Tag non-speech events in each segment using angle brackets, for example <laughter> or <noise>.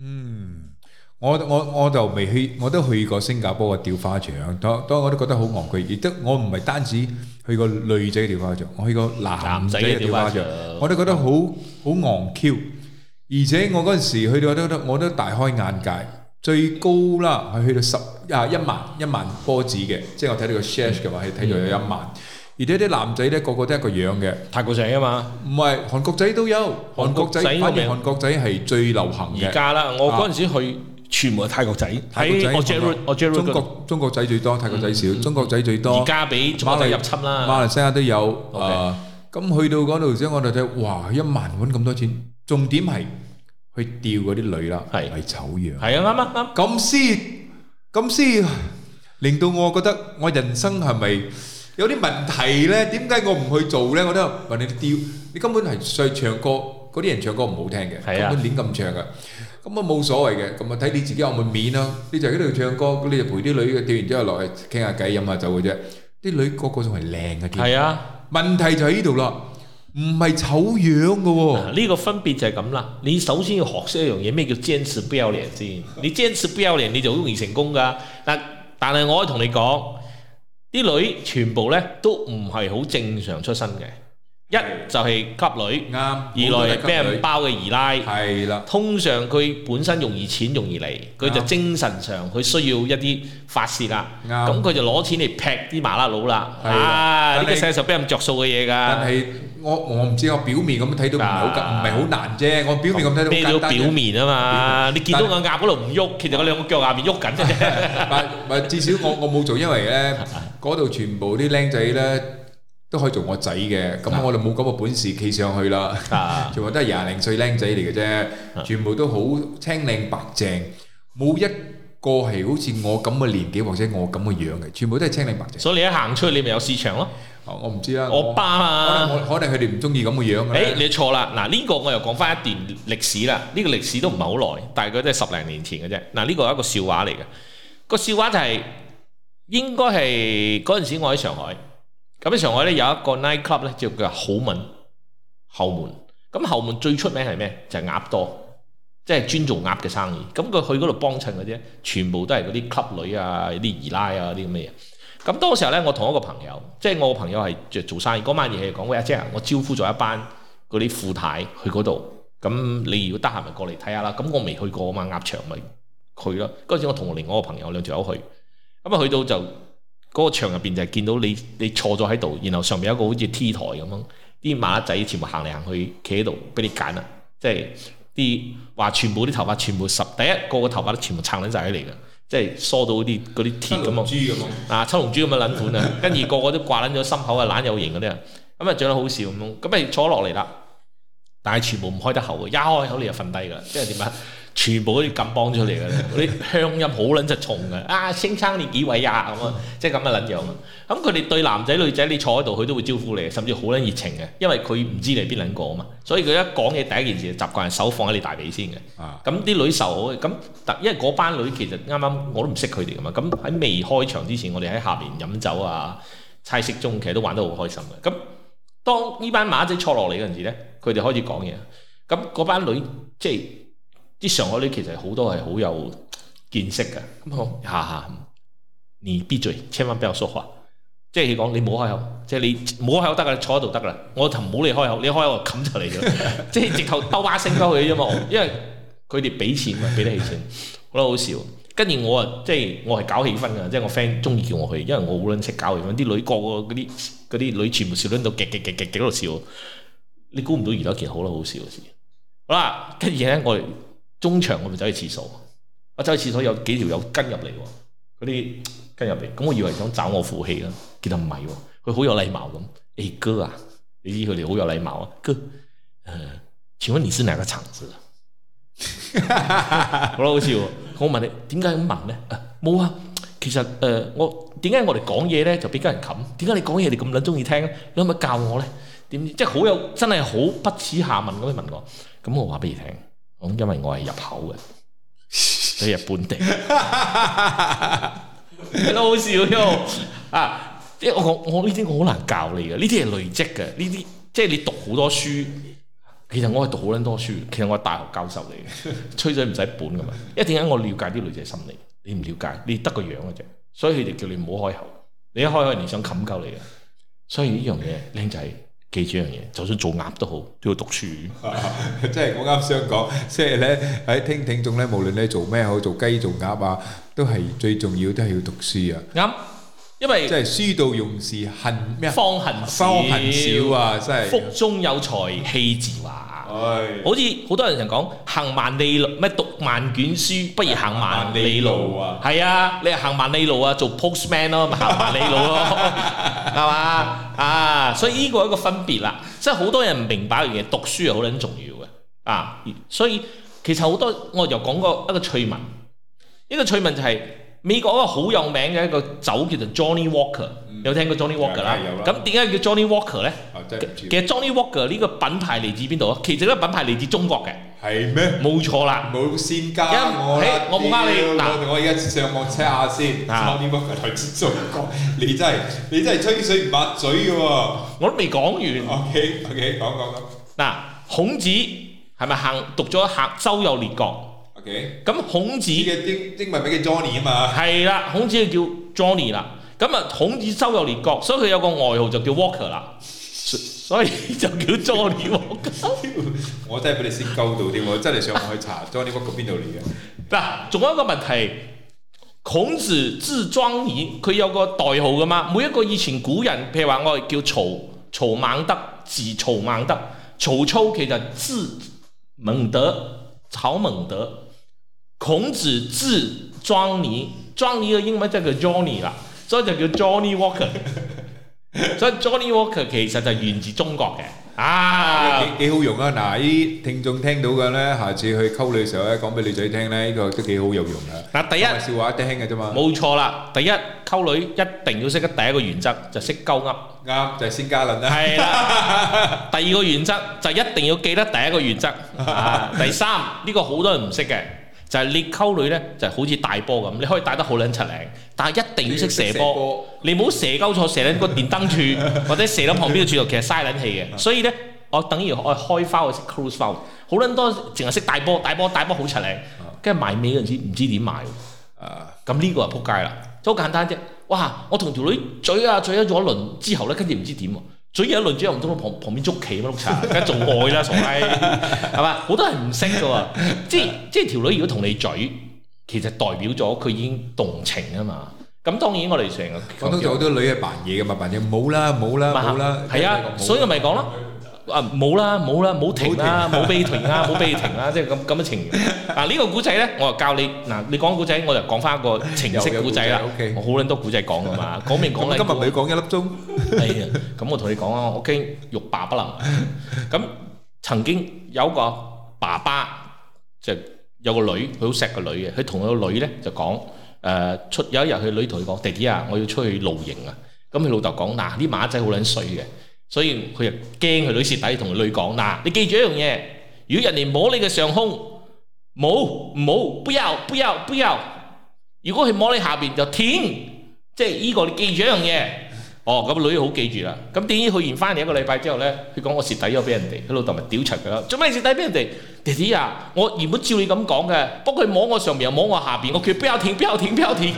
嗯，我我我就未去，我都去過新加坡嘅吊花場，當當我都覺得好昂貴，亦都我唔係單止去過女仔嘅吊花場，我去過男仔嘅吊花場，花場我都覺得好好昂 Q，而且我嗰陣時去到都都我都大開眼界，最高啦，係去到十啊一萬一萬波子嘅，即係我睇到個 share 嘅話係睇到有一萬。嗯而且啲男仔咧個個都一個樣嘅，泰國仔啊嘛，唔係韓國仔都有，韓國仔反而韓國仔係最流行嘅。而家啦，我嗰陣時去全部係泰國仔，泰國仔泰國仔中國中國仔最多，泰國仔少，中國仔最多。而家俾馬來入侵啦，馬來西亞都有。啊，咁去到嗰度先，我哋睇，哇，一萬揾咁多錢，重點係去釣嗰啲女啦，係醜樣。係啊，啱啊，啱。咁先咁先，令到我覺得我人生係咪？有啲問題咧，點解我唔去做咧？我都問你屌，你根本係上去唱歌嗰啲人唱歌唔好聽嘅，咁亂咁唱嘅，咁啊冇所謂嘅，咁啊睇你自己有冇面咯。你就喺度唱歌，你就陪啲女嘅跳完之後落嚟傾下偈、飲下酒嘅啫。啲女個個仲係靚嘅。係啊，問題就喺呢度啦，唔係醜樣嘅喎。呢個分別就係咁啦。你首先要學識一樣嘢，咩叫堅持不要臉先？你堅持不要臉，你就好容易成功噶。嗱，但係我同你講。啲女全部咧都唔係好正常出身嘅，一就係急女，啱；二來俾人包嘅二奶，係啦。通常佢本身容易錢容易嚟，佢就精神上佢需要一啲發泄啦。啱，咁佢就攞錢嚟劈啲麻甩佬啦。係啊，呢個細時候俾人著數嘅嘢㗎。但係我我唔知，我表面咁睇到唔係好唔係好難啫。我表面咁睇到咩都表面啊嘛。啊，你見到個鴨嗰度唔喐，其實我兩個腳下面喐緊啫。咪咪，至少我我冇做，因為咧。嗰度全部啲僆仔咧都可以做我仔嘅，咁我哋冇咁嘅本事企上去啦。全部都係廿零歲僆仔嚟嘅啫，全部都好青靚白淨，冇一個係好似我咁嘅年紀或者我咁嘅樣嘅，全部都係青靚白淨。所以你一行出去，你咪有市場咯。我唔知啦。我爸啊我我，可能我可能佢哋唔中意咁嘅樣啊。誒，你錯啦！嗱，呢個我又講翻一段歷史啦。呢個歷史都唔係好耐，但係佢都係十零年前嘅啫。嗱，呢個係一個笑話嚟嘅，個笑話就係。應該係嗰陣時，我喺上海。咁喺上海咧有一個 night club 咧，叫佢好門後門。咁後門最出名係咩？就係、是、鴨多，即係專做鴨嘅生意。咁佢去嗰度幫襯嗰啲，全部都係嗰啲 club 女啊、啲姨奶啊、啲咁嘅嘢。咁當時咧，我同一個朋友，即、就、係、是、我朋友係做做生意。嗰晚嘢係講，喂，阿姐，我招呼咗一班嗰啲富太去嗰度。咁你如果得閒咪過嚟睇下啦。咁我未去過啊嘛，鴨場咪去咯。嗰陣時我同另外一個朋友兩條友去，咁啊，去到就嗰、嗰個場入邊就係見到你，你坐咗喺度，然後上面有一個好似 T 台咁樣，啲馬仔全部行嚟行去，企喺度俾你揀啦。即係啲話全部啲頭髮全部十第一個個頭髮都全部撐撚晒起嚟嘅，即係梳到嗰啲嗰啲鐵咁啊，七龍珠咁嘅撚款啊，跟住 <laughs> 個個都掛撚咗心口啊，懶有型嗰啲人，咁啊長得好笑咁，咁咪坐落嚟啦，但係全部唔開得口嘅，一開口你就瞓低嘅，即係點啊？全部嗰啲錦幫出嚟嘅，嗰啲鄉音好撚執重嘅。 <laughs> 啊，先生你幾位呀？咁啊，即係咁嘅撚樣。咁佢哋對男仔女仔，你坐喺度，佢都會招呼你，甚至好撚熱情嘅。因為佢唔知你邊撚個啊嘛，所以佢一講嘢第一件事就習慣手放喺你大髀先嘅。啊，咁啲女受好咁，特因為嗰班女其實啱啱我都唔識佢哋噶嘛。咁喺未開場之前，我哋喺下邊飲酒啊、猜骰盅，其實都玩得好開心嘅。咁當呢班馬仔坐落嚟嗰陣時咧，佢哋開始講嘢。咁嗰班女即係。即啲上海女其實好多係好有見識嘅，咁好嚇嚇，你閉嘴千萬不要說話，即係講你冇開口，即係你冇開口得噶，你坐喺度得啦。我就唔好你開口，你開口就冚就嚟咗，即係 <laughs> 直頭兜巴聲返去啫嘛。 <laughs> 因為佢哋俾錢嘛，俾得起錢，覺得好笑。跟住我啊，即係我係搞氣氛嘅，即係我 friend 中意叫我去，因為我好卵識搞氣氛。啲女個嗰啲嗰啲女全部笑到到極極極極極度笑。你估唔到而家一件好啦好笑嘅事。好啦，跟住咧我。我中場我咪走去廁所，我走去廁所有幾條友跟入嚟，嗰啲跟入嚟，咁我以為想找我負氣啦，其實唔係喎，佢好有禮貌咁，誒、欸、哥啊，你知佢哋好有禮貌啊，哥，誒、呃，請問你是哪個廠子？ <laughs> 好啦，好笑，我問你點解咁問咧？冇啊，啊，其實誒、呃，我點解我哋講嘢咧就俾人冚？點解你講嘢你咁撚中意聽咧？你可唔可以教我咧？點即係好有，真係好不恥下問咁樣問我，咁我話俾你聽。因為我係入口嘅，所以日本地都好笑啊！ <laughs> <laughs> 即係我我呢啲我好難教你嘅，呢啲係累積嘅，呢啲即係你讀好多書。其實我係讀好撚多書，其實我係大學教授嚟嘅，吹水唔使本噶嘛。一點解我了解啲女仔心理，你唔了解，你得個樣嘅啫，所以佢哋叫你唔好開口。你一開口人哋想冚鳩你嘅。所以呢樣嘢、就是，靚仔。記住樣嘢，就算做鴨都好，都要讀書。即係我啱想講，即係咧喺聽聽眾咧，無論你做咩好，做雞做鴨啊，都係最重要，都係要讀書啊。啱，因為即係書到用時恨咩？方恨少，方恨少啊！即係腹中有才氣自華。唉，好似好多人成日講行萬里路，咩讀萬卷書不如行萬里路啊。係啊，你行萬里路啊，做 postman 咯，行萬里路咯。係嘛，啊，所以呢個一個分別啦，即係好多人唔明白嘅嘢，讀書係好撚重要嘅啊，所以其實好多我又講過一個趣聞，呢個趣聞就係美國一個好有名嘅一個酒叫做 Johnny Walker，有聽過 Johnny Walker 啦，咁點解叫 Johnny Walker 咧？其實 Johnny Walker 呢個品牌嚟自邊度啊？其實呢個品牌嚟自中國嘅。係咩？冇錯啦，冇先加我。我唔呃你嗱有喇，我而家上網 check 下、啊、先下，睇你真係你真係吹水唔抹嘴嘅喎，我都未講完、啊。OK OK，講講講嗱，孔子係咪行讀咗一下《周遊列國？OK，咁孔子嘅英文俾佢 Johnny 啊嘛，係啦，孔子叫 Johnny 啦。咁啊，孔子周遊列國，所以佢有個外號就叫 Walker 啦。所以就叫 Johnny Walker，我真係俾你先溝到添，我真係上去查 <laughs> Johnny Walker 邊度嚟嘅。嗱，仲有一個問題，孔子字莊尼，佢有個代號噶嘛？每一個以前古人，譬如話我哋叫曹曹孟德，字曹孟德；曹操其實字孟德，曹孟德。孔子字莊尼，莊尼嘅英文就叫 Johnny 啦，所以就叫 Johnny Walker。 <laughs> <laughs> 所以 Johnny Walker 其實就源自中國嘅啊，幾幾、啊、好用啊！嗱，啲聽眾聽到嘅咧，下次去溝女嘅時候咧，講俾女仔聽咧，呢個都幾好有用噶。嗱一，第一笑話得聽嘅啫嘛，冇錯啦。第一溝女一定要識得第一個原則，就識、是、勾噏。啱、啊、就係、是、先加輪啦。係啦了， <laughs> 第二個原則就一定要記得第一個原則。 <laughs> 啊、第三呢、呢個好多人唔識嘅。就係裂溝女咧，就係、好似大波咁，你可以帶得好撚柒靚，但係一定要識射波，你唔好射鳩錯，射喺個電燈柱 <laughs> 或者射喺旁邊嘅柱度，其實嘥撚氣嘅。 <laughs> 所以咧，我等於我開花我識 close file。好撚多淨係識大波，大波大波好柒靚，跟住埋尾嗰陣時唔知點埋，咁呢個就撲街啦。都好簡單啫，哇！我同條女嘴啊嘴咗、啊啊、一輪之後咧，跟住唔知點嘴有一輪住，又唔通喺旁旁邊捉棋乜碌茶？而家做愛啦傻閪，係、哎、嘛？好多人唔識嘅喎，即係即係條女如果同你嘴，其實代表咗佢已經動情啊嘛。咁當然我哋成日，廣東仲有好多女係扮嘢嘅嘛，扮嘢冇啦冇啦冇啦，係啊，所以咪講咯。啊冇啦冇啦，唔好停啦，唔好俾停啊，唔好俾佢停啊！即係咁咁嘅情形。嗱，呢個古仔咧，我啊教你嗱，你講古仔，我就講翻個情色古仔啦。我好捻多古仔講噶嘛，講明講你今日你講一粒鐘。係啊，咁我同你講啊，我驚欲罷不能。咁曾經有個爸爸，就有個女，佢好錫個女嘅，佢同個女咧就講，誒出有一日，佢女同佢講：爹哋啊，我要出去露營啊！咁佢老豆講：嗱，啲馬仔好捻衰嘅。所以佢就驚佢女蝕底，同佢女講，嗱，你記住一樣嘢，如果人哋摸你嘅上胸，冇冇不要不要不要；如果佢摸你下邊就舔，即係依個你記住一樣嘢。哦，咁女好記住啦。咁點知去完翻嚟一個禮拜之後咧，佢講我蝕底咗俾人哋，佢老豆咪屌柒佢咯。做咩蝕底俾人哋？弟弟啊，我原本照你咁講嘅，不過佢摸我上邊又摸我下邊，我叫佢不要舔不要舔不要舔，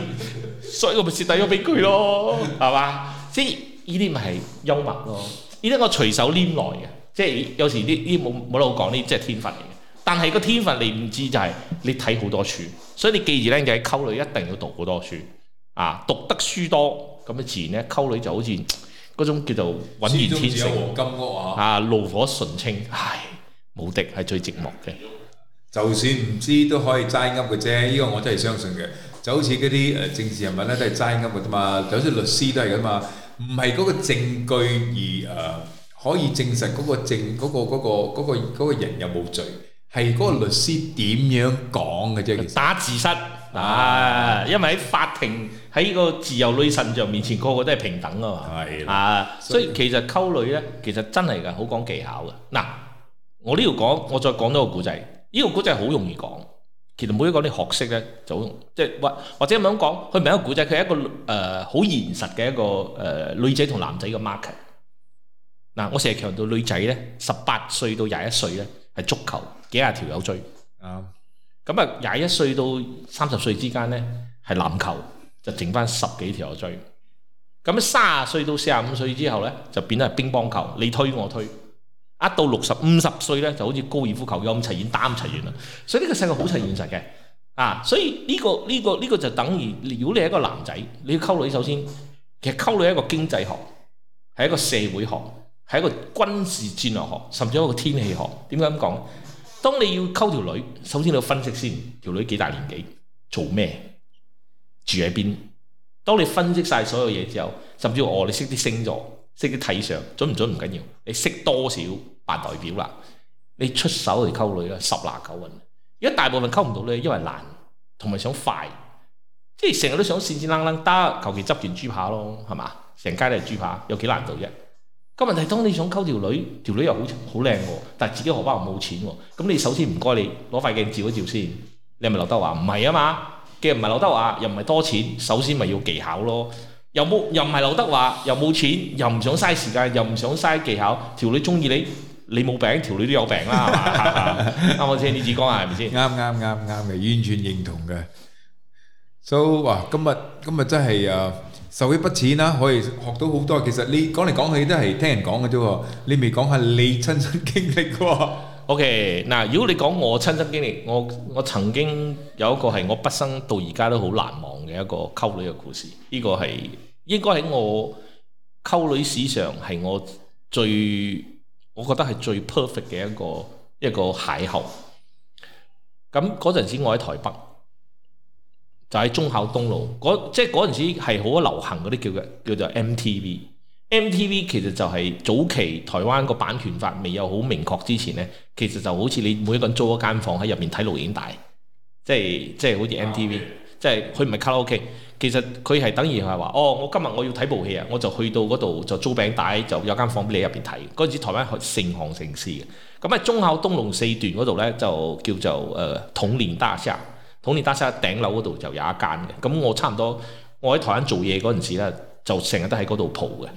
所以我咪蝕底咗俾佢咯，係嘛？即係依啲咪係幽默咯？呢啲我隨手拈來嘅，即係有時呢啲冇冇攞講呢，即係天分嚟嘅。但係個天分你唔知就係你睇好多書，所以你記住咧，喺、就係、溝女一定要讀好多書啊！讀得書多咁樣自然咧，溝女就好似嗰種叫做揾完天性金屋啊，啊，怒火純青，係無敵係最寂寞嘅。就算唔知都可以齋噏嘅啫，呢個我真係相信嘅。就好似嗰啲誒政治人物咧都係齋噏嘅嘛，就好似律師都係咁嘛。唔係嗰個證據而誒、呃、可以證實嗰個證嗰、嗰個嗰、嗰個嗰個嗰個人有冇罪，係嗰個律師點樣講嘅啫。打字失啊，啊因為喺法庭喺個自由女神像面前，個個都係平等啊嘛。係的啊，所以，所以其實溝女咧，其實真係㗎好講技巧嘅。嗱，我呢度講，我再講多個古仔，呢、呢個古仔好容易講。其實每一個你學識咧，就即係或或者咁講，佢唔係一個古仔，佢係一個誒好、呃、現實嘅一個誒、呃、女仔同男仔嘅 market。嗱、呃，我成日強調女仔咧，十八歲到廿一歲咧係足球幾廿條友追啊。咁啊、嗯，廿一歲到三十歲之間咧係籃球，就剩翻十幾條友追。咁啊，三十歲到四十五歲之後咧，就變咗係乒乓球，你推我推。一到六十五十歲咧，就好似高爾夫球咁，齊完擔齊完啦。所以呢個世界好齊現實嘅，嗯、啊！所以呢、呢個呢、呢個呢、呢個就等於，如果你係一個男仔，你要溝女，首先其實溝女係一個經濟學，係一個社會學，係一個軍事戰略學，甚至一個天氣學。點解咁講？當你要溝條女，首先你要分析先，條女幾大年紀，做咩，住喺邊。當你分析晒所有嘢之後，甚至我、哦、你識啲星座，識啲睇相準唔準唔緊要，你識多少扮代表啦？你出手嚟溝女咧，十拿九穩。而家大部分溝唔到咧，因為難同埋想快，即係成日都想閃閃楞楞得，求其執件豬扒咯，係嘛？成街都係豬扒，有幾難做啫？咁問題當你想溝條女，條女又好好靚喎，但係自己荷包又冇錢喎，咁你首先唔該你攞塊鏡照一照先。你係咪劉德華？唔係啊嘛，既唔係劉德華，又唔係多錢，首先咪要技巧咯。又冇又唔係劉德華，又冇錢，又唔想嘥時間，又唔想嘥技巧。條女中意你，你冇病，條女都有病啦，係嘛？啱唔啱先？你講下係咪先？啱啱啱啱嘅，完全認同嘅。So 話今日今日真係啊，受益不淺啦，可以學到好多。其實你講嚟講去都係聽人講嘅啫喎，你未講下你親身經歷過？OK，嗱，如果你講我親身經歷，我我曾經有一個係我畢生到而家都好難忘嘅一個溝女嘅故事。呢個係應該喺我溝女史上係我最，我覺得係最 perfect 嘅一個一個邂逅。咁嗰陣時我喺台北，就喺中孝東路，即係嗰陣時係好流行嗰啲叫嘅叫做 MTV。M T V 其實就係早期台灣個版權法未有好明確之前呢，其實就好似你每一個人租一間房喺入面睇錄影帶，即係即係好似 M T V，oh，即係佢唔係卡拉 OK。其實佢係等於係話哦，我今日我要睇部戲啊，我就去到嗰度就租餅帶，就有間房俾你入邊睇。嗰陣時台灣成行成市嘅，咁喺忠孝東路四段嗰度呢，就叫做誒統聯大廈，統聯大廈頂樓嗰度就有一間嘅。咁我差唔多我喺台灣做嘢嗰陣時咧，就成日都喺嗰度蒲嘅。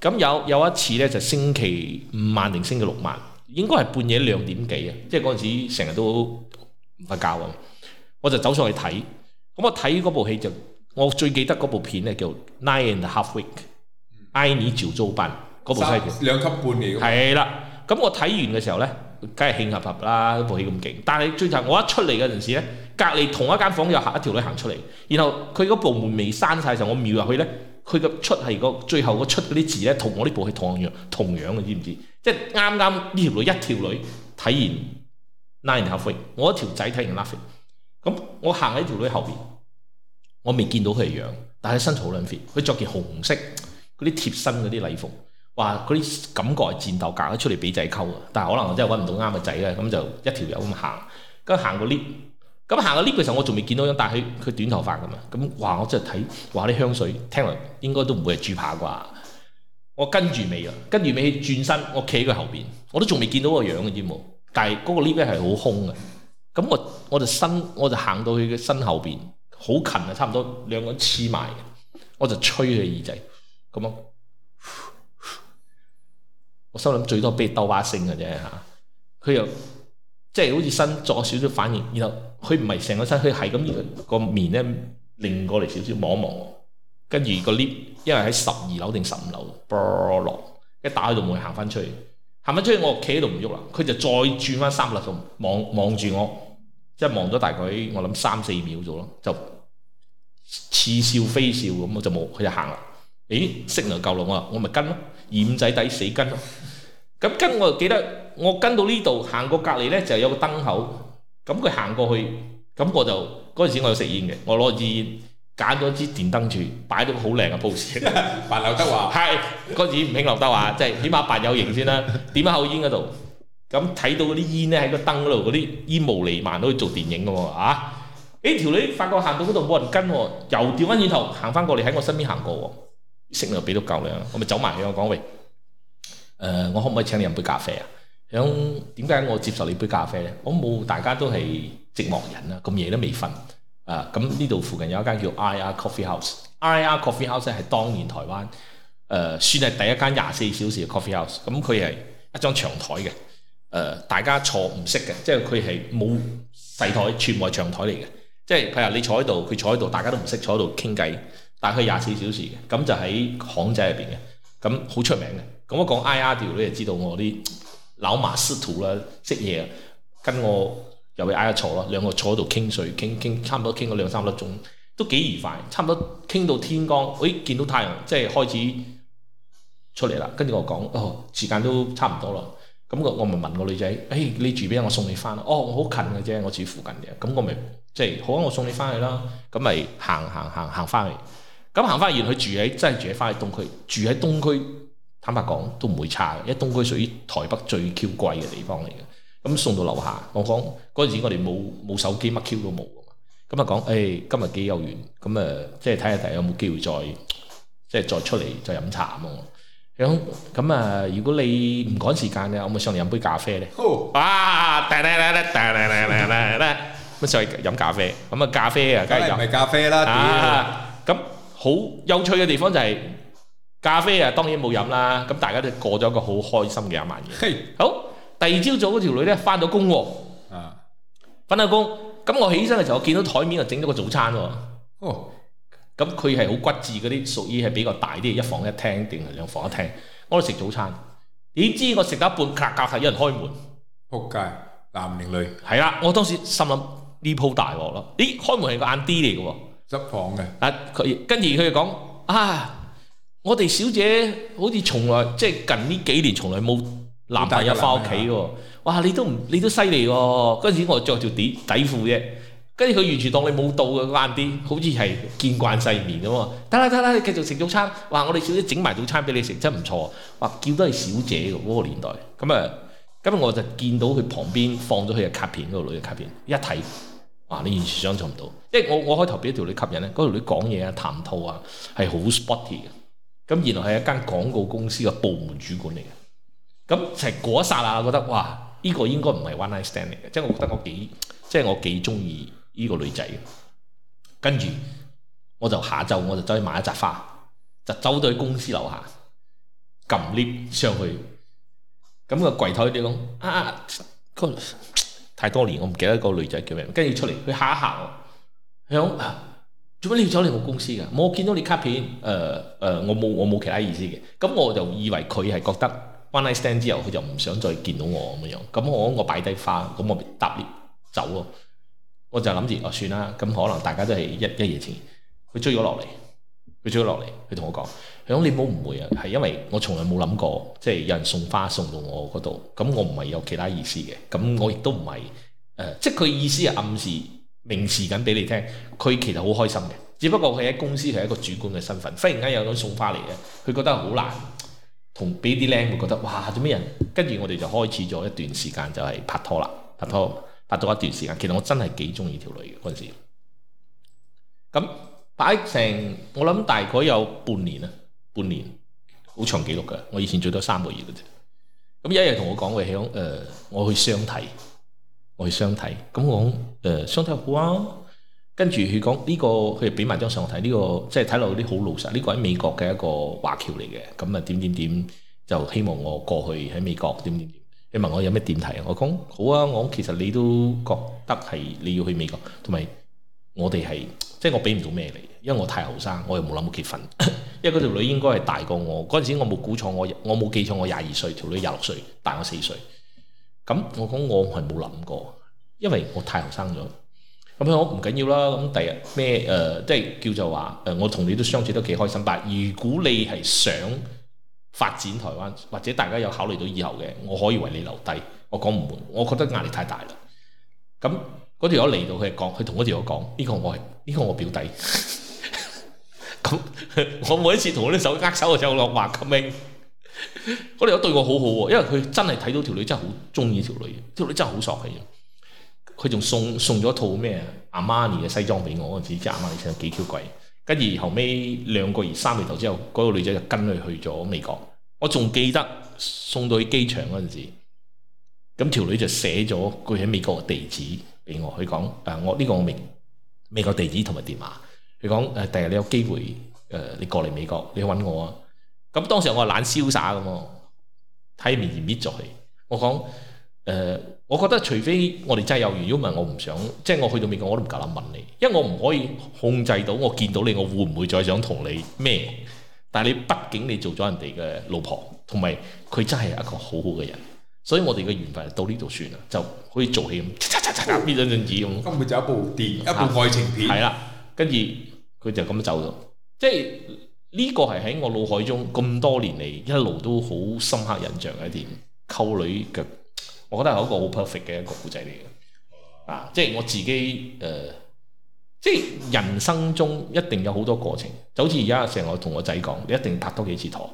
咁有有一次咧，就星期五晚定星期六晚，應該係半夜兩點幾啊！即係嗰陣時成日都唔瞓覺啊，我就走上去睇。咁我睇嗰部戲就，我最記得嗰部片咧叫《Nine and a Half Week》，嗯《愛你九週半》嗰部西片，兩級半嚟。係啦，咁我睇完嘅時候咧，梗係慶合合啦，部戲咁勁。但係最頭，我一出嚟嗰陣時咧，隔離同一間房間有行一條女行出嚟，然後佢個布門未閂晒時候，我瞄入去咧。佢嘅出係個最後嗰出嗰啲字咧，同我呢部戲同樣同樣嘅，知唔知？即係啱啱呢條女一條女睇完 nine and a half weeks 我一條仔睇完 nine and a half weeks。咁我行喺條女後邊，我未見到佢嘅樣，但係身材好兩 fit，佢着件紅色嗰啲貼身嗰啲禮服，話嗰啲感覺係戰鬥格咗出嚟畀仔溝啊！但係可能我真係揾唔到啱嘅仔咧，咁就一條友咁行，跟住行過呢。咁行到呢度嘅時候，我仲未見到樣，但係佢佢短頭髮咁啊！咁哇，我真係睇哇啲香水，聽落應該都唔會係豬扒啩。我跟住尾啊，跟住尾轉身，我企喺佢後邊，我都仲未見到個樣嘅啫喎。但係嗰個 lift 呢係好空嘅，咁我我就身我就行到佢嘅身後邊，好近啊，差唔多兩個黐埋。我就吹佢耳仔，咁啊，我心諗最多俾兜巴星嘅啫嚇。佢又即係、就是、好似身作少少反應，然後。佢唔係成個身，佢係咁個面咧，擰過嚟少少望望，跟住個 lift，因為喺十二樓定十五樓，波落，一打開度門行翻出去，行翻出去，我企喺度唔喐啦，佢就再轉翻三六十度望望住我，即係望咗大概我諗三四秒左右，就似笑非笑咁，我就冇，佢就行啦。咦，識能夠啦，我，我咪跟咯，二仔底死跟，咁跟我就記得我跟到呢度，行過隔離咧就有個燈口。咁佢行過去，咁我就嗰陣時我有食煙嘅，我攞支煙揀咗支電燈柱，擺到好靚嘅 pose，扮劉德華，係嗰陣時唔興劉德華，即係起碼扮有型先啦，點開口煙嗰度，咁睇到嗰啲煙咧喺個燈嗰度，嗰啲煙霧瀰漫，都可以做電影咁喎，啊！誒條女發覺行到嗰度冇人跟喎，又掉翻轉頭行翻過嚟喺我身邊行過喎，識你就俾到教啦，我咪走埋去我講喂，誒我可唔可以請你飲杯咖啡啊？咁點解我接受你杯咖啡呢？我冇大家都係寂寞人啦，咁夜都未瞓啊！咁呢度附近有一間叫 IR Coffee House，IR Coffee House 係當年台灣誒、呃、算係第一間廿四小時嘅 coffee house、嗯。咁佢係一張長台嘅，誒、呃、大家坐唔識嘅，即係佢係冇細台，全部係長台嚟嘅。即係譬如你坐喺度，佢坐喺度，大家都唔識坐喺度傾偈，但係佢廿四小時嘅，咁、嗯、就喺巷仔入邊嘅，咁好出名嘅。咁、嗯、我講 IR 調，你就知道我啲。老馬師徒啦，識嘢，跟我又會嗌一坐咯，兩個坐喺度傾水，傾傾，差唔多傾咗兩三粒鐘，都幾愉快。差唔多傾到天光，誒、哎、見到太陽，即係開始出嚟啦。跟住我講，哦，時間都差唔多啦。咁、嗯、我我咪問個女仔，誒、哎、你住邊，我送你翻啊。哦，我好近嘅啫，我住附近嘅。咁我咪即係好啊，我送你翻、哦嗯、去啦。咁、嗯、咪行行行行翻去。咁、嗯、行翻去，原來佢住喺真係住喺翻去東區，住喺東區。坦白講都唔會差嘅，因為東區屬於台北最 Q 貴嘅地方嚟嘅。咁送到樓下，我講嗰陣時我哋冇冇手機，乜 Q 都冇嘅嘛。咁啊講，誒今日幾有緣，咁啊即係睇下睇下有冇機會再即係再出嚟再飲茶咁。咁咁啊，如果你唔趕時間咧，我咪上嚟飲杯咖啡咧。哇！咩事？飲咖啡。咁啊咖啡啊，梗係唔係咖啡啦？啊！咁好有趣嘅地方就係。咖啡啊，當然冇飲啦。咁大家都過咗一個好開心嘅一晚夜。嘿好，第二朝早嗰條女咧翻到工喎。啊，翻到工，咁我起身嘅時候，我見到台面就整咗個早餐喎。哦，咁佢係好骨緻嗰啲，屬於係比較大啲，一房一廳定係兩房一廳。我嚟食早餐，點知我食到一半，咔咔咔有人開門。仆街，男定女？係啦，我當時心諗呢鋪大鑊咯。咦，開門係個眼 D 嚟嘅喎。執房嘅、啊。啊，佢跟住佢就講啊。我哋小姐好似從來，即係近呢幾年從來冇男朋友翻屋企喎。哇！你都唔，你都犀利喎。嗰陣時我着條底底褲啫，跟住佢完全當你冇到嘅，關啲，好似係見慣世面咁嘛。得啦得啦，你、嗯、繼、嗯嗯嗯、續食早餐。哇！我哋小姐整埋早餐俾你食，真唔錯。哇！叫都係小姐喎，嗰、個年代。咁、嗯、啊，今、嗯、日、嗯、我就見到佢旁邊放咗佢嘅卡片，嗰、個女嘅卡片，一睇哇！你完全想象唔到，即係我我開頭俾一條女吸引咧，嗰、那、條、個、女講嘢啊談吐啊係好 sporty 嘅。咁原來係一間廣告公司嘅部門主管嚟嘅，咁就係嗰一剎我覺得哇，呢、這個應該唔係 one night stand 嘅，即係我覺得我幾，即係我幾中意呢個女仔。跟住我就下晝我就走去買一扎花，就走到去公司樓下撳 lift 上去，咁、嗯、個櫃枱嗰啲講啊，太多年我唔記得個女仔叫咩，跟住出嚟佢嚇一嚇我，響。做乜你要走你個公司噶？我見到你卡片，誒、呃、誒、呃，我冇我冇其他意思嘅。咁我就以為佢係覺得 One Night Stand 之後，佢就唔想再見到我咁樣。咁我我擺低花，咁我咪搭你走咯。我就諗住哦，算啦。咁可能大家都係一一夜情。佢追咗落嚟，佢追咗落嚟，佢同我講：，佢講你唔好誤會啊，係因為我從來冇諗過，即係有人送花送到我嗰度。咁我唔係有其他意思嘅。咁我亦都唔係誒，即係佢意思係暗示。明示緊俾你聽，佢其實好開心嘅。只不過佢喺公司係一個主管嘅身份，忽然間有種送花嚟嘅，佢覺得好難同俾啲靚，佢覺得哇做咩人？跟住我哋就開始咗一段時間就係拍拖啦，拍拖拍咗一段時間，其實我真係幾中意條女嘅嗰陣時。咁擺成我諗大概有半年喇，半年好長記錄嘅。我以前最多三個月嘅啫。咁有一日同我講話響誒，我去相睇，我去相睇，咁我。誒、嗯、相睇好啊，跟住佢講呢個，佢俾埋張相我睇，呢、呢個即係睇落啲好老實。呢、呢個喺美國嘅一個華僑嚟嘅，咁啊點點點就希望我過去喺美國點點點。你問我有咩點睇啊？我講好啊，我其實你都覺得係你要去美國，同埋我哋係即係我俾唔到咩你，因為我太後生，我又冇諗過結婚。 <laughs> 因為嗰條女應該係大過我，嗰陣時我冇估錯，我我冇記錯，我廿二歲，條女廿六歲，大我四歲。咁我講我係冇諗過。因為我太後生咗，咁樣我唔緊要啦。咁第日咩誒、呃，即係叫做話誒、呃，我同你都相處得幾開心，但係如果你係想發展台灣，或者大家有考慮到以後嘅，我可以為你留低。我講唔換，我覺得壓力太大啦。咁嗰條友嚟到佢講，佢同嗰條友講：呢個，呢個我係呢、呢個我表弟。咁 <laughs> 我每一次同我啲手握手嘅時候，我話救命！嗰條友對我好好喎，因為佢真係睇到條女真係好中意條女，條女真係好傻氣。佢仲送送咗套咩阿瑪尼嘅西裝俾我嗰陣時，即係阿瑪尼成幾 Q 貴。跟住後尾兩個月、三個月之後，嗰、那個女仔就跟佢去咗美國。我仲記得送到去機場嗰陣時，咁、那、條、個、女就寫咗佢喺美國嘅地址俾我。佢講：誒、呃、我呢、這個我明，美國地址同埋電話。佢講：誒第日你有機會，誒、呃、你過嚟美國，你去揾我啊。咁當時我係懶瀟灑咁，睇面面搣咗佢。我講：誒、呃。我覺得除非我哋真係有緣，如果唔係我唔想，即係我去到美國我都唔夠膽問你，因為我唔可以控制到我見到你，我會唔會再想同你咩？但係你畢竟你做咗人哋嘅老婆，同埋佢真係一個好好嘅人，所以我哋嘅緣份到呢度算啦，就可以做戲咁，夾邊兩陣子咁。今次就一部電，か一部愛情片。係啦，跟住佢就咁走咗。即係呢個係喺我腦海中咁多年嚟一路都好深刻印象嘅一啲溝女嘅。我覺得係一個好 perfect 嘅一個故仔嚟嘅，啊，即係我自己誒、呃，即係人生中一定有好多過程，就好似而家成日我同我仔講，你一定拍多幾次拖，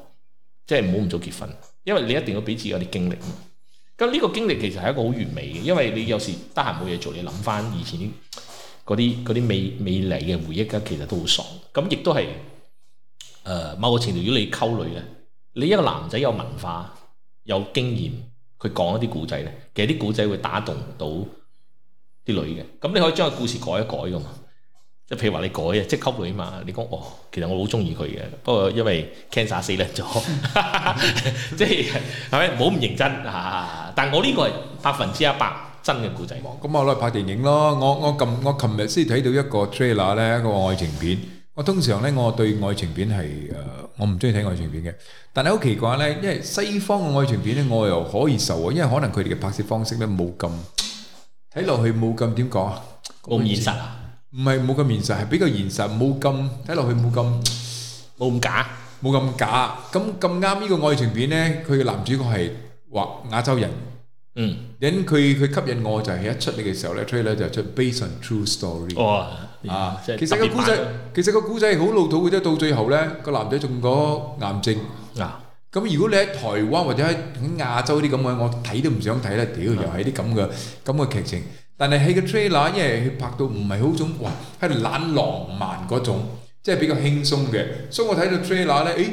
即係唔好唔早結婚，因為你一定要俾自己有啲經歷。咁呢個經歷其實係一個好完美嘅，因為你有時得閒冇嘢做，你諗翻以前啲嗰啲啲美美麗嘅回憶啊，其實都好爽。咁亦都係誒、呃，某個程度如果你溝女咧，你一個男仔有文化有經驗。佢講一啲古仔咧，其實啲古仔會打動到啲女嘅。咁你可以將個故事改一改噶嘛，即係譬如話你改啊，即級女嘛，你講哦，其實我好中意佢嘅。不過因為 cancer 死咗，即係係咪冇咁認真啊？但我呢個係百分之一百真嘅古仔。咁我攞去拍電影咯。我我琴我琴日先睇到一個 trailer 咧，一個愛情片。我通常咧，我對愛情片係，誒，我唔中意睇愛情片嘅。但係好奇怪咧，因為西方嘅愛情片咧，我又可以受啊，因為可能佢哋嘅拍攝方式咧，冇咁睇落去，冇咁點講啊？冇咁現實啊？唔係冇咁現實，係比較現實，冇咁睇落去，冇咁，冇咁假，冇咁假。咁咁啱呢個愛情片咧，佢嘅男主角係哇，亞洲人。嗯，然佢佢吸引我就係、是、一出嚟嘅時候咧，trailer 就出 Based on True Story。哦、啊，即是 其實個古仔其實個故仔好老土嘅啫，到最後咧個男仔中咗癌症。啊，咁如果你喺台灣或者喺亞洲啲咁嘅，我睇都唔想睇啦。屌、呃，啊、又係啲咁嘅咁嘅劇情。但係喺個 trailer，因為佢拍到唔係好種，哇，喺度懶浪漫嗰種，即係比較輕鬆嘅。嗯、所以我睇到 trailer 咧、欸，誒。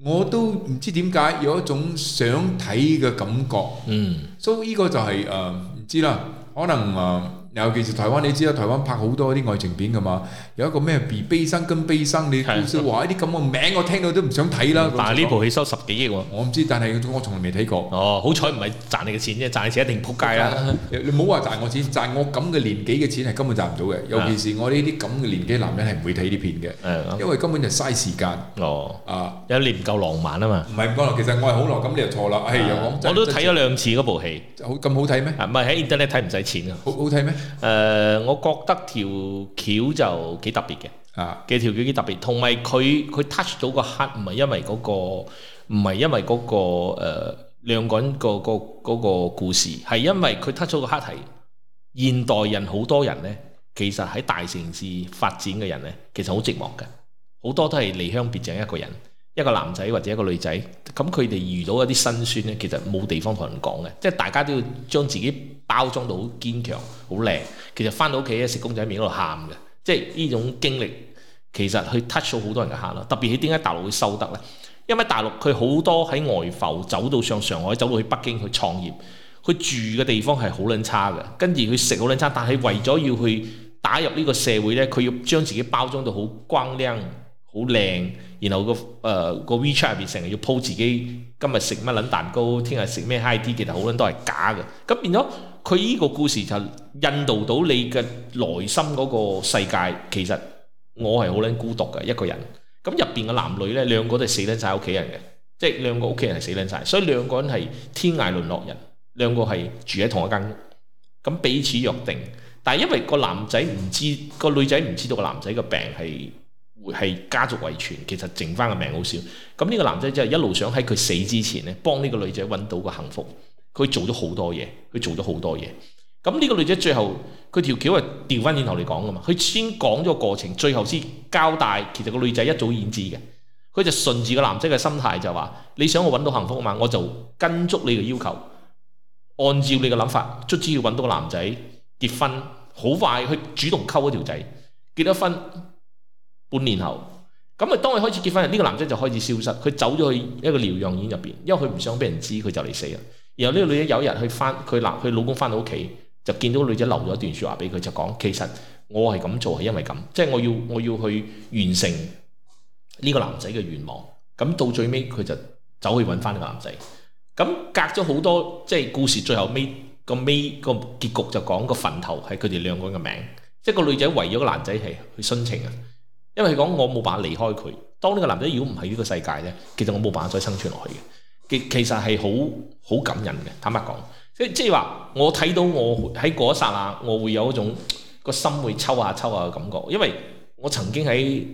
我都唔知點解有一種想睇嘅感覺，嗯，所以呢個就係誒，唔知啦，可能誒、呃、尤其是台灣，你知啦，台灣拍好多啲愛情片㗎嘛。有一個咩悲悲生跟悲生，你都話呢啲咁嘅名，我聽到都唔想睇啦。但係呢部戲收十幾億喎，我唔知，但係我從來未睇過。哦，好彩唔係賺你嘅錢啫，賺你錢一定撲街啦。你你唔好話賺我錢，賺我咁嘅年紀嘅錢係根本賺唔到嘅。尤其是我呢啲咁嘅年紀男人係唔會睇呢片嘅，因為根本就嘥時間。哦，啊，有你唔夠浪漫啊嘛。唔係唔夠浪漫，其實我係好浪，咁你就錯啦。係又講，我都睇咗兩次嗰部戲。好咁好睇咩？唔係喺 Internet 睇唔使錢啊。好好睇咩？誒，我覺得條橋就～幾特別嘅啊，嘅條件幾特別，同埋佢佢 touch 到個黑，唔係因為嗰個唔係因為嗰個誒兩個人個個故事，係因為佢 touch 到個黑，係現代人好多人呢，其實喺大城市發展嘅人呢，其實好寂寞嘅，好多都係離鄉別井一個人，一個男仔或者一個女仔咁，佢哋遇到一啲辛酸呢，其實冇地方同人講嘅，即係大家都要將自己包裝到好堅強好靚。其實翻到屋企咧，食公仔麵喺度喊嘅。即係呢種經歷，其實佢 touch 到好多人嘅客啦。特別係點解大陸會收得呢？因為大陸佢好多喺外埠走到上上海，走到去北京去創業，佢住嘅地方係好撚差嘅，跟住佢食好撚差。但係為咗要去打入呢個社會呢，佢要將自己包裝到好光靚、好靚。然後個誒個 WeChat 入邊成日要 po 自己今日食乜撚蛋糕，聽日食咩 high tea，其實好撚都係假嘅。咁變咗。佢依個故事就引導到你嘅內心嗰個世界。其實我係好撚孤獨嘅一個人。咁入邊嘅男女呢，兩個都係死撚晒屋企人嘅，即係兩個屋企人係死撚晒。所以兩個人係天涯淪落人，兩個係住喺同一間屋。咁彼此約定，但係因為個男仔唔知個女仔唔知道，知道個男仔嘅病係會家族遺傳，其實剩翻嘅命好少。咁呢個男仔就一路想喺佢死之前呢，幫呢個女仔揾到個幸福。佢做咗好多嘢，佢做咗好多嘢。咁呢個女仔最後佢條橋係掉翻轉頭嚟講噶嘛？佢先講咗個過程，最後先交代其實個女仔一早已知嘅。佢就順住個男仔嘅心態就話：你想我揾到幸福啊嘛？我就跟足你嘅要求，按照你嘅諗法，卒之要揾到個男仔結婚，好快佢主動溝嗰條仔結咗婚。半年後咁啊，當佢開始結婚，呢個男仔就開始消失，佢走咗去一個療養院入邊，因為佢唔想俾人知佢就嚟死啦。然後呢個女仔有一日去翻佢，留佢老公翻到屋企，就見到個女仔留咗一段說話俾佢，就講，其實我係咁做係因為咁，即係我要我要去完成呢個男仔嘅願望咁。到最尾，佢就走去搵翻呢個男仔，咁隔咗好多即係故事最後尾個尾個結局就講，這個墳頭係佢哋兩個人嘅名，即係個女仔為咗個男仔係去殉情啊，因為佢講我冇辦法離開佢，當呢個男仔如果唔喺呢個世界呢，其實我冇辦法再生存落去嘅。其其實係好好感人嘅，坦白講，即即係話我睇到我喺嗰一剎那，我會有一種個心會抽下抽下嘅感覺，因為我曾經喺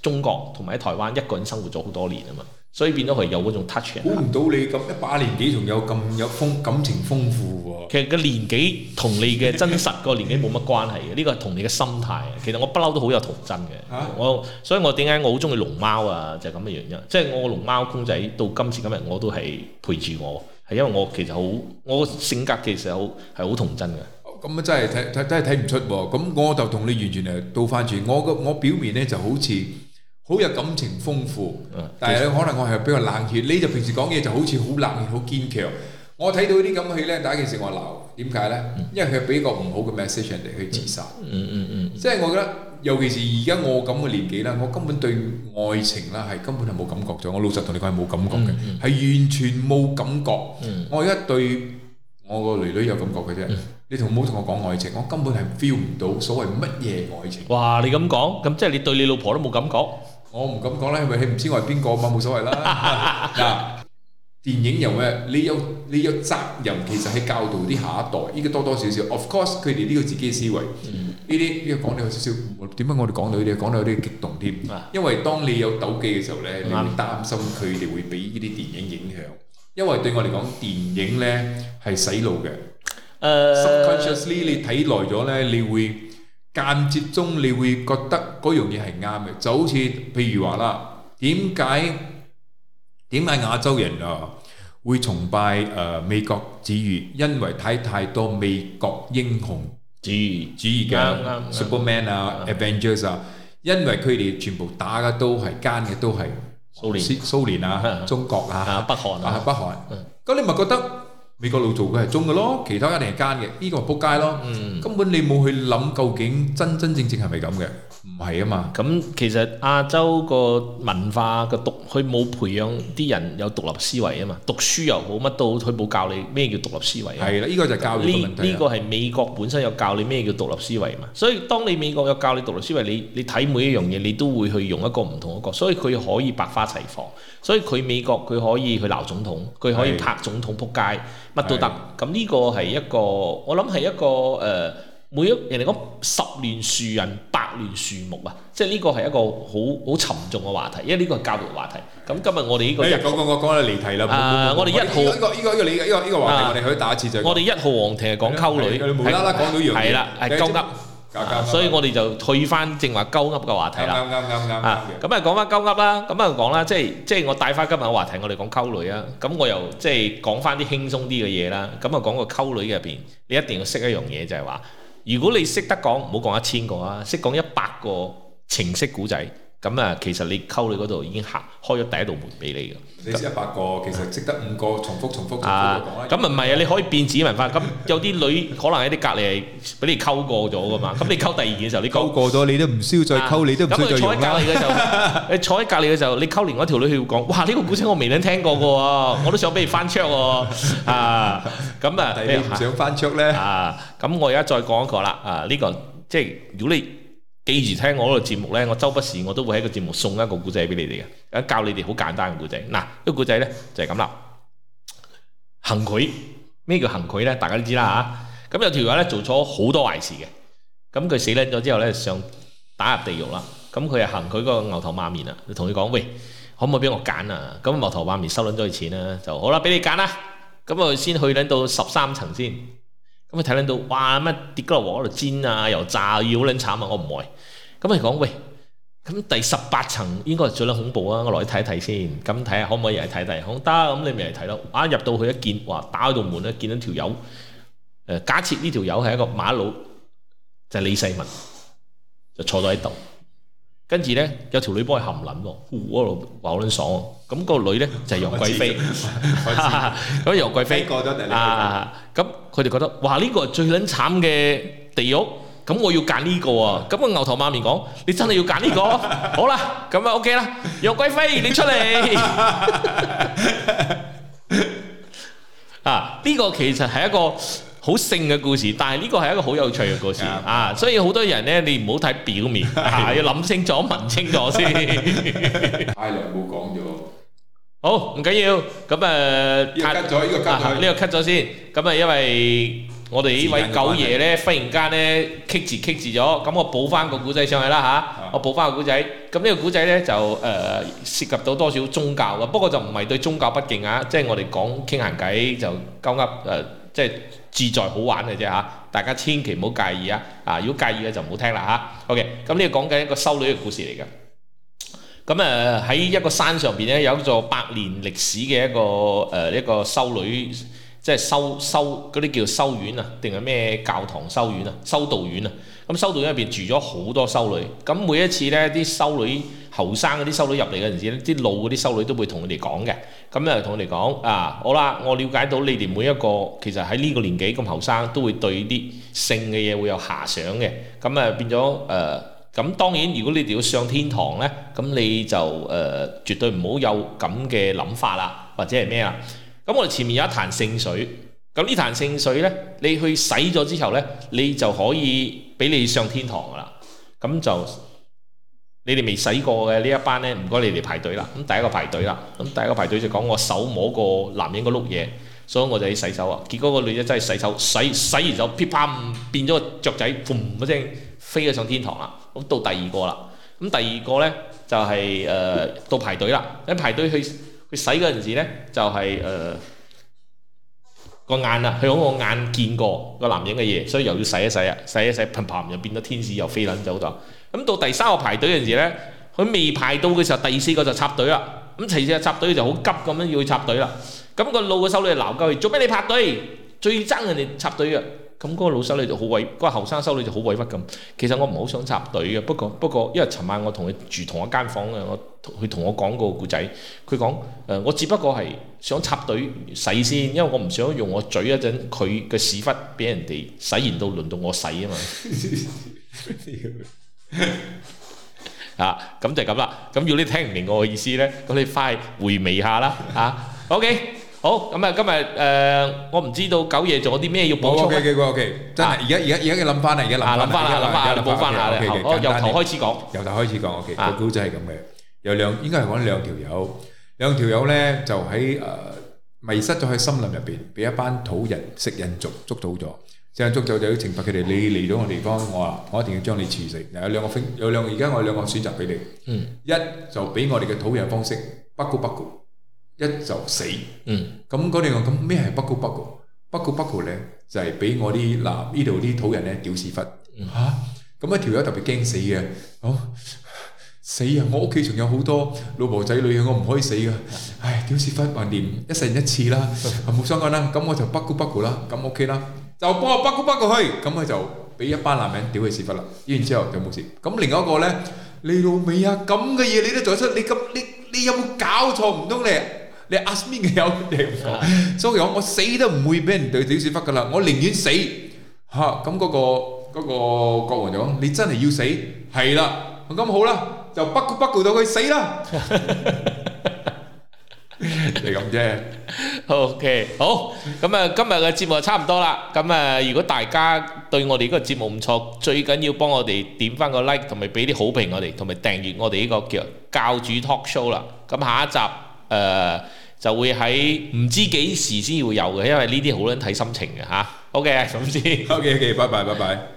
中國同埋喺台灣一個人生活咗好多年啊嘛。所以變咗佢有嗰種 touching 估唔到你咁一把年紀仲有咁有豐感情豐富喎、啊。其實個年紀同你嘅真實 <laughs> 個年紀冇乜關係嘅，呢、這個係同你嘅心態。其實我不嬲都好有童真嘅。啊、我，所以我點解我好中意龍貓啊？就係咁嘅原因。即、就、係、是、我龍貓公仔到今時今日我都係陪住我，係因為我其實好，我性格其實好係好童真嘅。咁啊、哦、真係睇睇真係睇唔出喎。咁我就同你完全嚟倒翻轉。我個我,我表面咧就好似。好有感情豐富，但係可能我係比較冷血。你就平時講嘢就好似好冷血、好堅強。我睇到啲咁嘅戲咧，第一件事我鬧。點解咧？因為佢俾個唔好嘅 message 人哋去自殺。嗯嗯嗯。嗯嗯嗯，即係我覺得，尤其是而家我咁嘅年紀啦，我根本對愛情啦係根本係冇感覺咗。我老實同你講係冇感覺嘅，係、嗯嗯、完全冇感覺。嗯、我而家對我個囡囡有感覺嘅啫。嗯、你同唔好同我講愛情，我根本係 feel 唔到所謂乜嘢愛情。哇！你咁講，咁即係你對你老婆都冇感覺。我唔敢講啦，係咪？因為唔知我係邊個嘛，冇所謂啦。嗱，電影又咩？你有你有責任，其實係教導啲下一代。依家多多少少，of course，佢哋呢個自己嘅思維。呢啲呢個講到有少少，點解我哋講到呢啲，講到有啲激動添？因為當你有鬥記嘅時候咧，你會擔心佢哋會俾呢啲電影影響。因為對我嚟講，電影咧係洗腦嘅。誒，subconsciously 你睇來咗睇耐咗咧，你會。間接中你會覺得嗰樣嘢係啱嘅，就好似譬如話啦，點解點解亞洲人啊會崇拜誒美國主義？因為睇太多美國英雄主義主義嘅 Superman 啊、Avengers 啊，因為佢哋全部打嘅都係奸嘅，都係蘇聯、蘇聯啊、中國啊、北韓啊、北韓。咁你唔覺得？美國佬做嘅係中嘅咯，其他一定係奸嘅，呢、這個係撲街咯。嗯、根本你冇去諗究竟真真正正係咪咁嘅。唔係啊嘛，咁、嗯、其實亞洲個文化個獨，佢冇培養啲人有獨立思維啊嘛。讀書又好，乜都好，佢冇教你咩叫獨立思維啊。係啦，依個就係教育嘅問題。呢呢個係美國本身有教你咩叫獨立思維嘛。所以當你美國有教你獨立思維，你你睇每一樣嘢，你都會去用一個唔同一個，所以佢可以百花齊放。所以佢美國佢可以去鬧總統，佢可以拍總統撲街，乜都得。咁呢的個係一個，我諗係一個誒。呃每一人哋講十年樹人，百年樹木啊，即係呢個係一個好好沉重嘅話題，因為呢個係教育話題。咁今日我哋呢個，呢個呢個呢個、講講講講就離題啦。啊，我哋一號，呢個呢個呢個呢個呢個話題，我哋可以打一次就係。我哋一號皇庭係講溝女，係啦，係 9up，所以我哋就退翻正話 9up 嘅話題啦。啱啱啱啱啊，咁啊講翻 9up 啦，咁啊講啦，即係即係我帶翻今日嘅話題，我哋講溝女啊，咁我又即係講翻啲輕鬆啲嘅嘢啦，咁啊講個溝女入邊，你一定要識一樣嘢就係、係、話。如果你識得講，唔好講一千個啊，識講一百個情色故仔。咁啊，其實你溝你嗰度已經開開咗第一道門俾你嘅。你知一百個其實識得五個，重複重複重複。講啦，咁唔係啊，你可以變紙文化。咁有啲女可能喺啲隔離俾你溝過咗嘅嘛。咁你溝第二件時候，你溝過咗，你都唔需要再溝，你都唔需要再溝啦。咁你坐喺隔離嘅時候，你坐喺隔離嘅時候，你溝另外一條女會講，哇！呢個古仔我未能聽過嘅喎，我都想俾你翻出喎。啊，咁啊，你唔想翻出咧啊？咁我而家再講一個啦。啊，呢個即係如果你。記住聽我嗰個節目呢，我周不時我都會喺個節目送一個故仔俾你哋嘅，教你哋好簡單嘅故仔。嗱，呢個故仔呢，就係咁啦，行賄，咩叫行賄呢？大家都知啦嚇。咁有條友呢，做咗好多壞事嘅，咁佢死撚咗之後呢，想打入地獄啦，咁佢又行賄個牛頭馬面啊，同佢講喂，可唔可以俾我揀啊？咁牛頭馬面收撚咗佢錢啊，就好啦，俾你揀啦。咁啊先去撚到十三層先。咁佢睇到，哇，咩跌嗰落鑊嗰度煎啊，又炸，要好撚慘啊，我唔愛。咁佢講喂，咁第十八層應該係最撚恐怖啊！我落去睇一睇先，咁睇下可唔可以去睇睇。好、嗯，得、嗯，咁你咪嚟睇咯。啊入到去一見，哇打開道門咧，見到條友。誒假設呢條友係一個馬佬，就係、李世民就坐咗喺度。跟住咧有條女幫佢含撚喎，嗰度話好撚爽、啊。咁個女咧就係楊貴妃，咁楊貴妃過咗啊！咁佢哋覺得哇！呢個係最撚慘嘅地獄，咁我要揀呢個啊！咁個牛頭媽咪講：你真係要揀呢個？好啦，咁啊 OK 啦！楊貴妃你出嚟啊！呢個其實係一個好性嘅故事，但係呢個係一個好有趣嘅故事啊！所以好多人咧，你唔好睇表面，要諗清楚、問清楚先。太耐冇講咗。好，唔緊要，咁誒咗呢個 cut 咗、這個啊這個、先，咁啊，因為我哋呢位九爺咧，然忽然間咧，咳住咳住咗，咁我補翻個古仔上去啦吓，啊啊、我補翻個古仔，咁、嗯這個、呢個古仔咧就誒、呃、涉及到多少宗教嘅，不過就唔係對宗教不敬啊，即、就、係、是、我哋講傾閒偈就鳩噏誒，即、啊、係、就是、自在好玩嘅啫嚇，大家千祈唔好介意啊，啊如果介意嘅，就唔好聽啦吓 OK 咁呢個講緊一個修女嘅故事嚟嘅。啊。咁誒喺一個山上邊咧，有座百年歷史嘅一個誒一個修女，即係修修嗰啲叫修院啊，定係咩教堂修院啊、修道院啊？咁修道院入邊住咗好多修女。咁每一次咧，啲修女後生嗰啲修女入嚟嘅陣時咧，啲老嗰啲修女都會同佢哋講嘅。咁誒同佢哋講啊，好啦，我了解到你哋每一個其實喺呢個年紀咁後生，都會對啲性嘅嘢會有遐想嘅。咁誒變咗誒。咁當然，如果你哋要上天堂呢，咁你就誒、呃、絕對唔好有咁嘅諗法啦，或者係咩啊？咁我哋前面有一壇聖水，咁呢壇聖水呢，你去洗咗之後呢，你就可以俾你上天堂噶啦。咁就你哋未洗過嘅呢一班呢，唔該你哋排隊啦。咁第一個排隊啦，咁第、第一個排隊就講我手摸過男人個碌嘢，所以我就要洗手啊。結果個女仔真係洗手，洗洗完就噼啪變咗個雀仔，嘭一聲飛咗上天堂啦。咁到第二個啦，咁第二個呢，就係、是、誒、呃、到排隊啦。喺排隊去去洗嗰陣時呢，就係、是、誒、呃、個眼啊，佢響我眼見過個男人嘅嘢，所以又要洗一洗啊，洗一洗，砰砰又變咗天使，又飛撚走咗。咁到第三個排隊嗰陣時呢，佢未排到嘅時候，第四個就插隊啦。咁其次個插隊就好急咁樣要去插隊啦。咁、那個老嘅修女鬧鳩佢：做咩你插隊？最憎人哋插隊嘅。咁嗰個老修女咧就好委，嗰、嗰個後生修女就好委屈咁。其實我唔好想插隊嘅，不過不過，因為尋晚我同佢住同一間房嘅，我佢同我講個故仔，佢講誒，我只不過係想插隊洗先，因為我唔想用我嘴一陣佢嘅屎忽俾人哋洗完到輪到我洗嘛 <laughs> <laughs> 啊嘛。啊，咁就咁啦。咁如果你聽唔明我嘅意思咧，咁你快回味下啦。啊，OK。好咁啊！今日誒，我唔知道九爺做啲咩要補充啊。O K O K O K，真係而家而家而家嘅諗法係而家諗翻啦，諗翻啦，諗翻啦，補翻下你頭。我由頭開始講，由頭開始講。其實古仔係咁嘅，有兩，應該係講兩條友，兩條友咧就喺誒迷失咗喺森林入邊，俾一班土人食人族捉到咗。之後捉到就要懲罰佢哋，你嚟到我地方，我話我一定要將你處死。嗱有兩個兄，有兩個而家我有兩個選擇俾你。嗯，一就俾我哋嘅土人方式，不顧不顧。一就死，咁嗰啲我咁咩係不辜不顧？不辜不顧咧就係俾我啲，嗱依度啲土人咧屌屎忽嚇。咁一條友特別驚死嘅，哦死啊！我屋企仲有好多老婆仔女嘅，我唔可以死噶，唉屌屎忽橫掂一世人一次啦，冇相干啦，咁我就不辜不顧啦，咁 OK 啦，就幫我不辜不顧去，咁佢就俾一班男人屌佢屎忽啦，依然之後就冇事。咁另一個咧，你老味啊！咁嘅嘢你都做出，你咁你你有冇搞錯唔通你？你 ask me 嘅友定唔錯，所以講我死都唔會俾人對小屎忽噶啦，我寧願死嚇。咁嗰個嗰個國王講：你真係要死，係啦，咁好啦，就逼佢逼佢到佢死啦。就咁啫。OK，好，咁啊，今日嘅節目就差唔多啦。咁啊，如果大家對我哋呢個節目唔錯，最緊要幫我哋點翻個 like，同埋俾啲好評我哋，同埋訂閱我哋呢個叫教主 talk show 啦。咁下一集誒。就會喺唔知幾時先會有嘅，因為呢啲好撚睇心情嘅吓、啊、OK，總之 OK OK，拜拜拜拜。